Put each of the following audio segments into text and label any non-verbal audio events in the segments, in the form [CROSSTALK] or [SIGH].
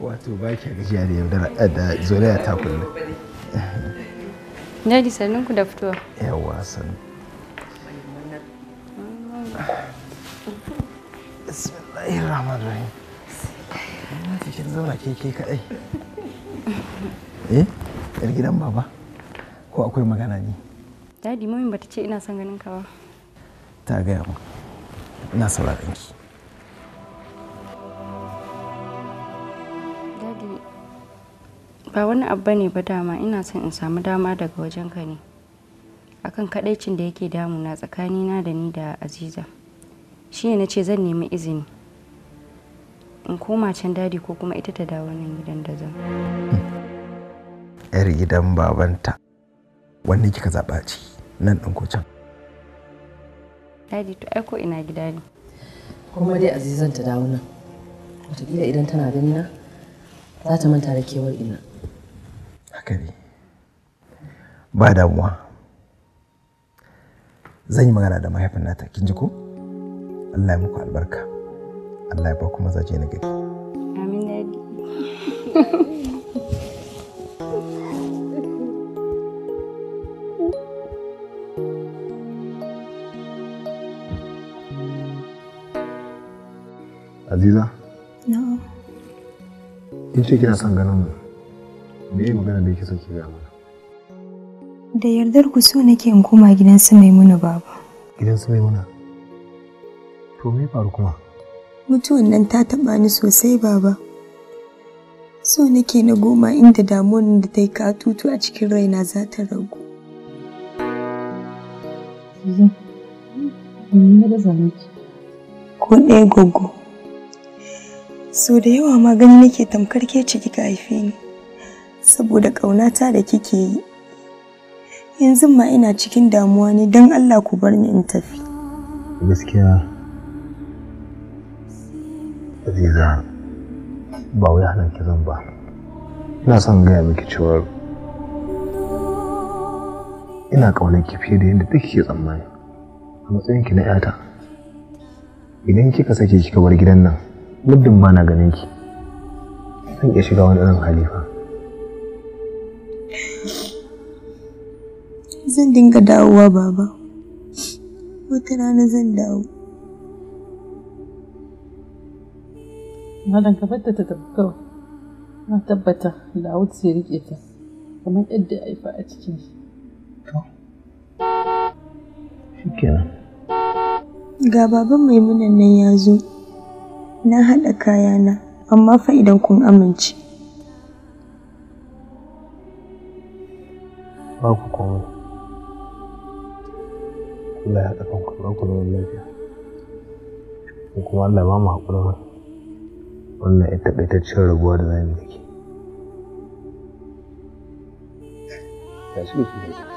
wato ba ki gajiya da yaudara eh, da zolaya ta kullum Dadi sannin ku da fito. Yawwa sannu. Bismillahir Na cikin zauna ke ke kadai. Eh, yar gidan baba. Ko akwai magana ne? Dadi mamin bata ce ina son ganin ka ba. Ta gaya ma Ina sauraron ki. ba wani abu ne ba dama ina son in samu dama daga wajenka ne akan kadaicin da yake damuna tsakanina da ni da Aziza shi ne na ce zan nemi izini in koma can dadi ko kuma ita ta dawo nan gidan da zan yar gidan babanta wanne kika zaba ci nan ɗin ko can dadi to aiko ina gida ne kuma dai azizan ta dawo nan wataƙila idan tana ganin za ta manta da kewar ina haka ne ba damuwa zan yi magana da mahaifin nata kin ji ko Allah ya muku albarka Allah ya ba ku mazaje na gari amin daddy Aziza Kin ce kina son ganin mu. Me yi magana da yake son ki gaya mana? Da yardar ku so nake in koma gidan su Maimuna baba. Gidan su Maimuna? To me faru kuma? Mutuwan nan ta taba ni sosai baba. So nake na goma inda damuwan da ta yi katutu a cikin raina za ta ragu. Ko ɗaya gogo. so da yawa ma gani nake tamkar ke ciki ka haife ni saboda ƙaunata da kike yi yanzu ma ina cikin damuwa ne don allah ku bar ni in tafi gaskiya aziza ba wai hana ki zan ba ina son gaya miki cewa ina ƙaunar ki fiye da yadda kike tsammani a matsayinki na 'yata idan kika sake kika bar gidan nan muddin ba na ganin ki zan iya shiga wani irin halifa zan dinga dawowa baba wata rana zan dawo malam ka fadda ta tabbata na tabbata da ya rike ta kamar yadda ya haifa a cikin shi to shi kenan ga baban maimunan nan ya zo na haɗa kayana amma fa idan kun amince ba ku komai Allah ya haɗa kanku ba ku zaman lafiya ku kuma Allah ba mu ba. wannan ita taƙaitaccen rabuwa da zamu yi da Ya shi da shi da shi.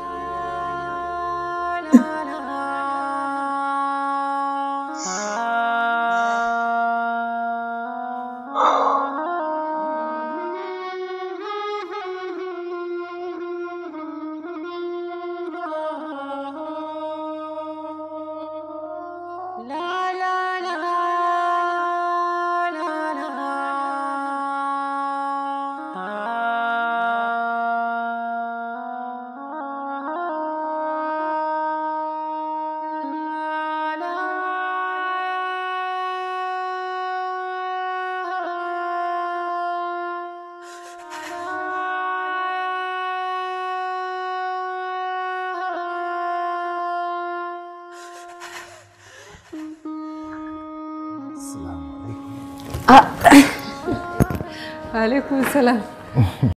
Ah. [LAUGHS] alaikum salam